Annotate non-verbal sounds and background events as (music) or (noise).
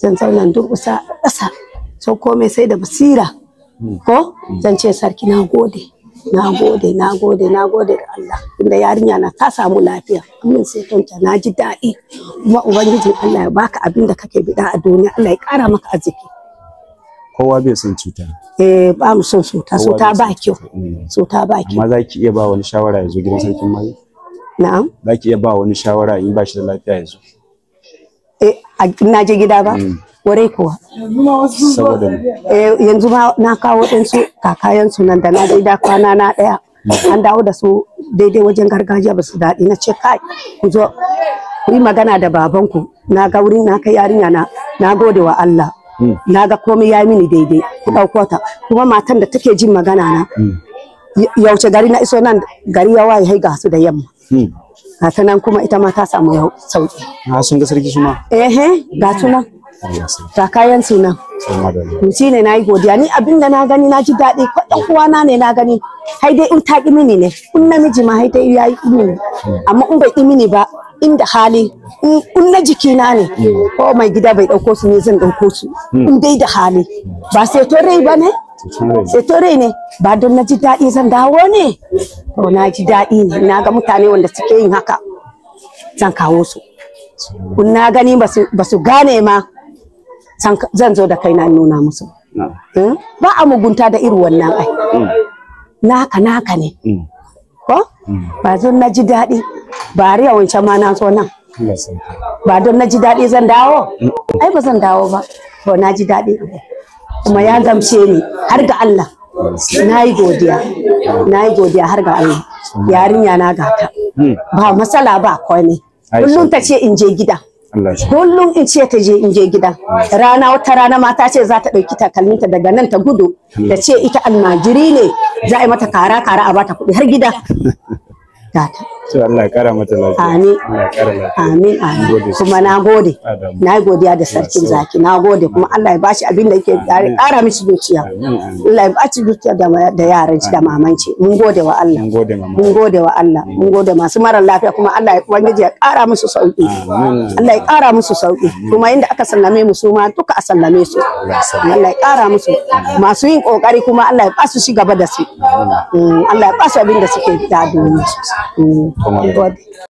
zan zauna durƙusa a ƙasa sau komai sai da basira ko zan ce sarki na gode na gode na gode na gode da Allah inda yarinya na ta samu lafiya amin sai tonta na ji daɗi kuma ubangiji Allah ya baka abin da kake bida a duniya Allah ya ƙara maka arziki kowa bai son cuta eh ba mu son cuta ta ba kyau ta mm. ba kiyo amma za ki iya ba wani shawara yanzu gidan sarkin mai na'am za ki iya ba wani shawara in ba shi da lafiya yanzu. Eh, ina je gida ba mm. warai kuwa eh, yanzu ma na kawo ɗansu kakayensu nan da na gida kwana na ɗaya mm. an dawo da su daidai wajen gargajiya ba su daɗi na ce kai ku zo ku yi magana da babanku na ga wurin na kai yarinya na na gode wa Allah mm. na ga komai ya mini daidai ku ɗauko ta kuma matan da take jin magana na yauce gari na iso nan gari ya waye hai ga su da yamma hmm. ga ta nan kuma ita ma ta samu sauki na ah, sun ga sarki suma Ehe, ga su nan ta kayan su nan shi ne nayi godiya ni abin da na gani na ji daɗi kwaɗan uwana ne na gani hai dai in ta mini ne in namiji ma hai dai yi mini hmm. amma in bai mini ba inda hali in na jikina ne hmm. ko mai gida bai ɗauko su ne zan ɗauko su in dai da hali ba sai to rai ba ne ceton rai eh, ne ba don na ji daɗi zan dawo ne to na ji daɗi ne na ga mutane wanda suke yin haka zan kawo su kun na gani ba su gane ma zan zo da kaina nuna musu eh, ba a mugunta da irin wannan ai mm. naka naka ne mm. ko mm. ba don na ji daɗi ba a wancan ma na zo nan ba don na ji daɗi zan dawo ai ba zan dawo ba to na ji daɗi kuma ya gamshe ni har ga Allah na yi godiya na godiya har ga Allah yarinya na gata hmm. ba matsala ba ne kullum ta ce in je gida kullum in ce ta je in je gida rana wata rana ma ta ce za ta ɗauki takalminta daga nan ta gudu da ce ita almajiri ne za a yi mata kara kara a bata kuɗi har gida (laughs) gata To Allah kara mata lafiya. Amin. Amin. Amin. Kuma na gode. Na godiya da sarkin zaki. Na gode kuma Allah ya bashi abin da yake tare kara mishi dukiya. Allah ya bashi dukiya da yaran shi da maman shi. Mun gode wa Allah. Mun gode mama. Mun gode wa Allah. Mun gode masu mara lafiya kuma Allah ya ubangiji ya kara musu sauki. Allah ya kara musu sauki. Kuma inda aka sallame mu su ma duka a sallame su. Allah ya kara musu. Masu yin kokari kuma Allah ya basu shi gaba da su. Mm, Allah ya basu abin da suke da duniya. Mm. 好多。